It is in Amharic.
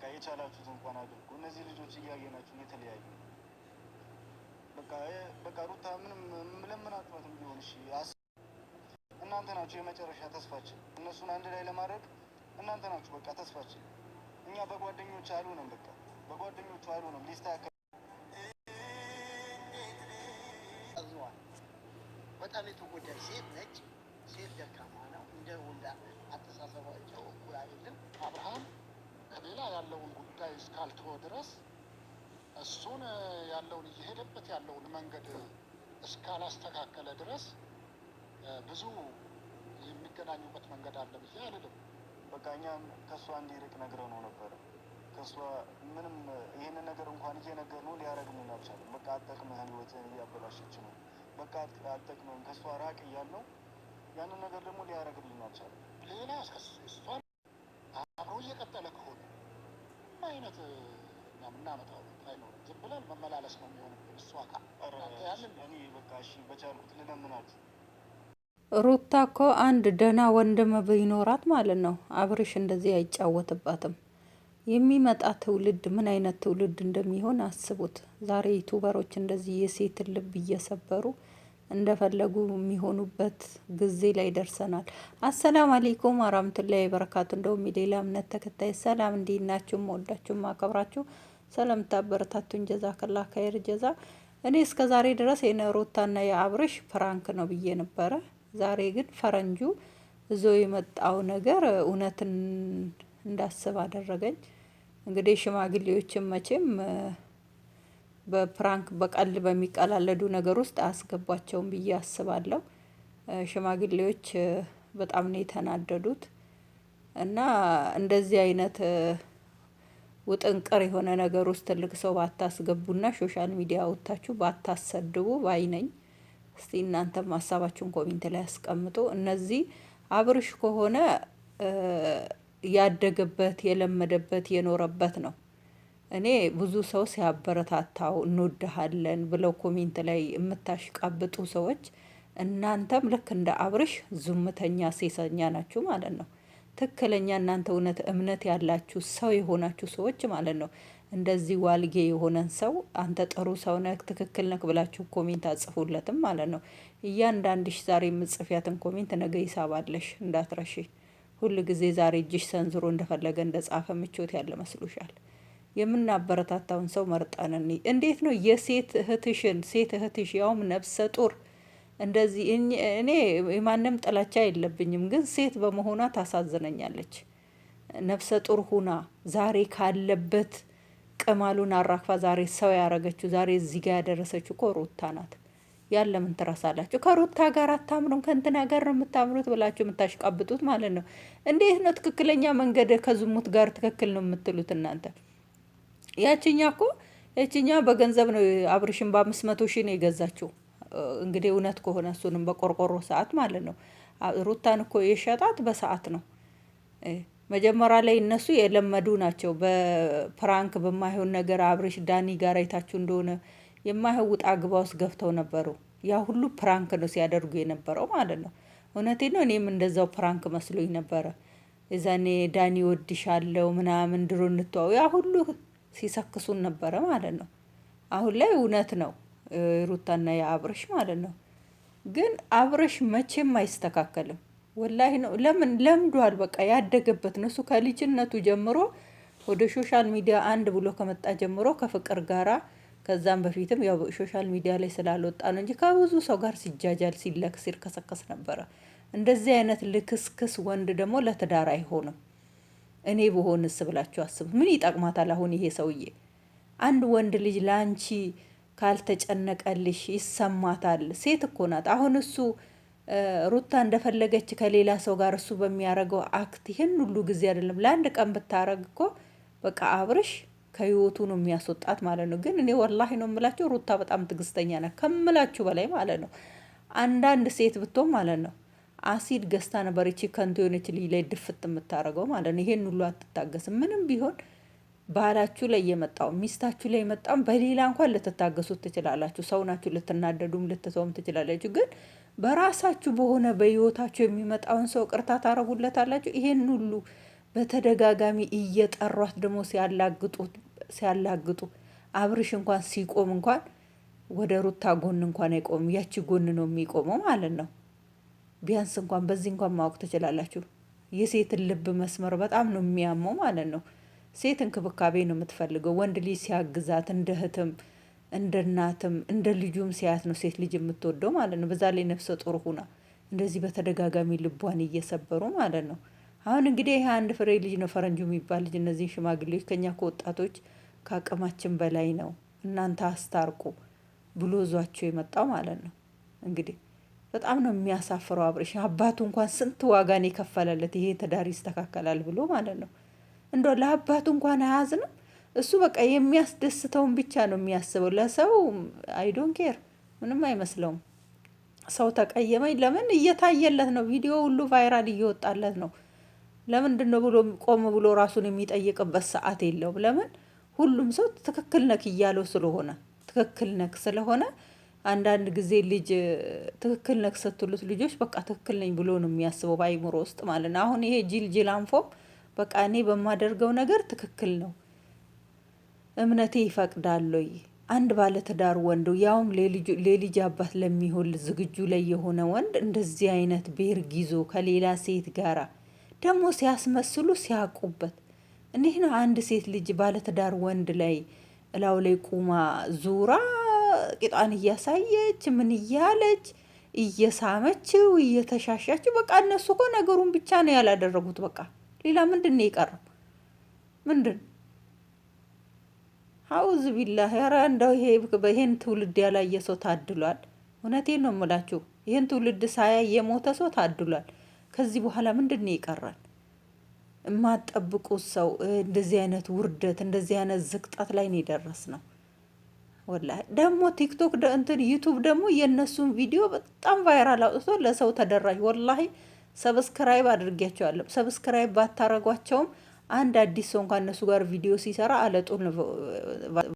በቃ የቻላችሁት እንኳን አድርጉ። እነዚህ ልጆች እያየናችሁ የተለያዩ በቃ ሩታ ምንም ምለምናችኋትም ቢሆን እሺ፣ እናንተ ናችሁ የመጨረሻ ተስፋችን። እነሱን አንድ ላይ ለማድረግ እናንተ ናችሁ በቃ ተስፋችን። እኛ በጓደኞች አልሆነም፣ በቃ በጓደኞቹ አልሆነም። ሊስተካከል በጣም የተጎዳ ሴት ነች። ሴት ደካማ ነው እንደ ያለውን ጉዳይ እስካልተወ ድረስ እሱን ያለውን እየሄደበት ያለውን መንገድ እስካላስተካከለ ድረስ ብዙ የሚገናኙበት መንገድ አለ ብዬ አልልም። በቃ እኛም ከእሷ እንዲርቅ ነግረው ነው ነበረ። ከእሷ ምንም ይህንን ነገር እንኳን እየነገር ነው ሊያደርግልን አልቻለም። በቃ አጠቅምህን፣ ህይወትን እያበላሸች ነው። በቃ አጠቅምህን፣ ከእሷ ራቅ እያለው ያንን ነገር ደግሞ ሊያደርግልን አልቻለም። ሌላ እሷን አብሮ እየቀጠለ ከሆነ ምንም አይነት የምናመጣው አይኖርም። ዝም ብለን መመላለስ ነው የሚሆንብን። እሷ ጋር እኔ በቃ እሺ በቻልኩት ልለምናችሁ። ሩታ እኮ አንድ ደህና ወንድም ቢኖራት ማለት ነው አብርሽ እንደዚህ አይጫወትባትም። የሚመጣ ትውልድ ምን አይነት ትውልድ እንደሚሆን አስቡት። ዛሬ ዩቱበሮች እንደዚህ የሴትን ልብ እየሰበሩ እንደፈለጉ የሚሆኑበት ጊዜ ላይ ደርሰናል። አሰላም አሌይኩም አራምትላ በረካቱ። እንደውም የሌላ እምነት ተከታይ ሰላም፣ እንዴት ናችሁ? መወዳችሁ ማከብራችሁ ስለምታበረታቱኝ ጀዛ ከላ ከይር ጀዛ። እኔ እስከ ዛሬ ድረስ የነሮታና የአብርሽ ፍራንክ ነው ብዬ ነበረ። ዛሬ ግን ፈረንጁ እዞ የመጣው ነገር እውነትን እንዳስብ አደረገኝ። እንግዲህ ሽማግሌዎችም መቼም በፕራንክ በቀል በሚቀላለዱ ነገር ውስጥ አያስገቧቸውም ብዬ አስባለሁ። ሽማግሌዎች በጣም ነው የተናደዱት። እና እንደዚህ አይነት ውጥንቅር የሆነ ነገር ውስጥ ትልቅ ሰው ባታስገቡና ሶሻል ሚዲያ ወጥታችሁ ባታሰድቡ ባይነኝ። እስቲ እናንተም ሀሳባችሁን ኮሜንት ላይ አስቀምጡ። እነዚህ አብርሽ ከሆነ ያደገበት የለመደበት የኖረበት ነው እኔ ብዙ ሰው ሲያበረታታው እንወድሃለን ብለው ኮሜንት ላይ የምታሽቃብጡ ሰዎች እናንተም ልክ እንደ አብርሽ ዝምተኛ ሴሰኛ ናችሁ ማለት ነው። ትክክለኛ እናንተ እውነት እምነት ያላችሁ ሰው የሆናችሁ ሰዎች ማለት ነው። እንደዚህ ዋልጌ የሆነን ሰው አንተ ጥሩ ሰው ነክ ትክክል ነክ ብላችሁ ኮሜንት አጽፉለትም ማለት ነው። እያንዳንድሽ ዛሬ የምጽፊያትን ኮሜንት ነገ ይሳባለሽ እንዳትረሺ። ሁል ጊዜ ዛሬ እጅሽ ሰንዝሮ እንደፈለገ እንደጻፈ ምቾት ያለ መስሉሻል። የምናበረታታውን ሰው መርጠን እንዴት ነው የሴት እህትሽን ሴት እህትሽ ያውም ነብሰ ጡር እንደዚህ እኔ የማንም ጥላቻ የለብኝም፣ ግን ሴት በመሆኗ ታሳዝነኛለች። ነፍሰ ጡር ሁና ዛሬ ካለበት ቅማሉን አራክፋ ዛሬ ሰው ያረገችው ዛሬ እዚህ ጋር ያደረሰችው እኮ ሩታ ናት። ያን ለምን ትረሳላችሁ? ከሩታ ጋር አታምኑም፣ ከእንትና ጋር ነው የምታምኑት ብላችሁ የምታሽቃብጡት ማለት ነው። እንዴት ነው ትክክለኛ መንገድ ከዝሙት ጋር ትክክል ነው የምትሉት እናንተ? ያችኛ እኮ ያችኛ በገንዘብ ነው አብርሽን በአምስት መቶ ሺህ ነው የገዛችው። እንግዲህ እውነት ከሆነ እሱንም በቆርቆሮ ሰዓት ማለት ነው። ሩታን እኮ የሸጣት በሰዓት ነው። መጀመሪያ ላይ እነሱ የለመዱ ናቸው። በፕራንክ በማይሆን ነገር አብርሽ ዳኒ ጋር አይታችሁ እንደሆነ የማይሆን ውጣ ግባ ውስጥ ገብተው ነበሩ። ያ ሁሉ ፕራንክ ነው ሲያደርጉ የነበረው ማለት ነው። እውነቴ ነው። እኔም እንደዛው ፕራንክ መስሎኝ ነበረ። የዛኔ ዳኒ ወድሻለው ምናምን ድሮ እንተዋው ያ ሁሉ ሲሰክሱን ነበረ ማለት ነው። አሁን ላይ እውነት ነው ሩታና የአብርሽ ማለት ነው። ግን አብርሽ መቼም አይስተካከልም ወላሂ ነው። ለምን ለምዷል፣ በቃ ያደገበት ነው እሱ ከልጅነቱ ጀምሮ ወደ ሶሻል ሚዲያ አንድ ብሎ ከመጣ ጀምሮ ከፍቅር ጋራ ከዛም በፊትም ያው ሶሻል ሚዲያ ላይ ስላልወጣ ነው እንጂ ከብዙ ሰው ጋር ሲጃጃል ሲለክ ሲርከሰከስ ነበረ። እንደዚህ አይነት ልክስክስ ወንድ ደግሞ ለትዳር አይሆንም። እኔ በሆንስ ብላችሁ አስቡት። ምን ይጠቅማታል አሁን ይሄ ሰውዬ? አንድ ወንድ ልጅ ለአንቺ ካልተጨነቀልሽ ይሰማታል። ሴት እኮ ናት። አሁን እሱ ሩታ እንደፈለገች ከሌላ ሰው ጋር እሱ በሚያደርገው አክት ይህን ሁሉ ጊዜ አይደለም ለአንድ ቀን ብታረግ እኮ በቃ አብርሽ ከህይወቱ ነው የሚያስወጣት ማለት ነው። ግን እኔ ወላሂ ነው የምላቸው ሩታ በጣም ትግስተኛ ናት ከምላችሁ በላይ ማለት ነው። አንዳንድ ሴት ብትሆን ማለት ነው አሲድ ገዝታ ነበር ይቺ ከንቱ የሆነች ልጅ ላይ ድፍት የምታደርገው ማለት ነው። ይሄን ሁሉ አትታገስም። ምንም ቢሆን ባላችሁ ላይ የመጣው ሚስታችሁ ላይ የመጣም በሌላ እንኳን ልትታገሱት ትችላላችሁ። ሰው ናችሁ፣ ልትናደዱም ልትተውም ትችላላችሁ። ግን በራሳችሁ በሆነ በህይወታችሁ የሚመጣውን ሰው ቅርታ አላችሁ። ይሄን ሁሉ በተደጋጋሚ እየጠሯት ደግሞ ሲያላግጡ ሲያላግጡ አብርሽ እንኳን ሲቆም እንኳን ወደ ሩታ ጎን እንኳን አይቆምም። ያቺ ጎን ነው የሚቆመው ማለት ነው። ቢያንስ እንኳን በዚህ እንኳን ማወቅ ትችላላችሁ። የሴትን ልብ መስመር በጣም ነው የሚያመው ማለት ነው። ሴት እንክብካቤ ነው የምትፈልገው። ወንድ ልጅ ሲያግዛት እንደ እህትም እንደ እናትም እንደ ልጁም ሲያት ነው ሴት ልጅ የምትወደው ማለት ነው። በዛ ላይ ነፍሰ ጡር ሁና እንደዚህ በተደጋጋሚ ልቧን እየሰበሩ ማለት ነው። አሁን እንግዲህ ይህ አንድ ፍሬ ልጅ ነው ፈረንጁ የሚባል ልጅ። እነዚህ ሽማግሌዎች ከኛ ከወጣቶች ከአቅማችን በላይ ነው እናንተ አስታርቁ ብሎ ዟቸው የመጣው ማለት ነው እንግዲህ በጣም ነው የሚያሳፍረው። አብርሽ አባቱ እንኳን ስንት ዋጋን የከፈለለት ይሄ ትዳር ይስተካከላል ብሎ ማለት ነው። እንደ ለአባቱ እንኳን አያዝንም። እሱ በቃ የሚያስደስተውን ብቻ ነው የሚያስበው። ለሰው አይዶን ኬር ምንም አይመስለውም። ሰው ተቀየመኝ ለምን እየታየለት ነው፣ ቪዲዮ ሁሉ ቫይራል እየወጣለት ነው። ለምንድን ነው ብሎ ቆም ብሎ ራሱን የሚጠይቅበት ሰዓት የለውም። ለምን ሁሉም ሰው ትክክል ነክ እያለው ስለሆነ ትክክል ነክ ስለሆነ አንዳንድ ጊዜ ልጅ ትክክል ነህ ስትሉት ልጆች በቃ ትክክል ነኝ ብሎ ነው የሚያስበው በአይምሮ ውስጥ ማለት ነው። አሁን ይሄ ጅል ጅል አንፎም በቃ እኔ በማደርገው ነገር ትክክል ነው እምነቴ ይፈቅዳለይ አንድ ባለትዳር ወንድ ያውም ለልጅ አባት ለሚሆን ዝግጁ ላይ የሆነ ወንድ እንደዚህ አይነት ቤርግ ይዞ ከሌላ ሴት ጋር ደግሞ ሲያስመስሉ ሲያውቁበት እኒህ ነው። አንድ ሴት ልጅ ባለትዳር ወንድ ላይ እላው ላይ ቁማ ዙራ ቂጧን እያሳየች ምን እያለች እየሳመችው እየተሻሻችው፣ በቃ እነሱ እኮ ነገሩን ብቻ ነው ያላደረጉት። በቃ ሌላ ምንድን ነው የቀረው? ምንድን አውዝ ቢላ ያራ እንደው ይሄ ይሄን ትውልድ ያላየ ሰው ታድሏል። እውነቴን ነው የምላችሁ። ይህን ትውልድ ሳያ የሞተ ሰው ታድሏል። ከዚህ በኋላ ምንድን ነው ይቀራል? የማጠብቁት ሰው እንደዚህ አይነት ውርደት እንደዚህ አይነት ዝቅጣት ላይ ነው የደረስ ነው። ወላ ደግሞ ቲክቶክ እንትን ዩቱብ ደግሞ የእነሱን ቪዲዮ በጣም ቫይራል አውጥቶ ለሰው ተደራሽ ወላ ሰብስክራይብ አድርጌያቸዋለሁ። ሰብስክራይብ ባታረጓቸውም አንድ አዲስ ሰው እንኳ እነሱ ጋር ቪዲዮ ሲሰራ አለጡን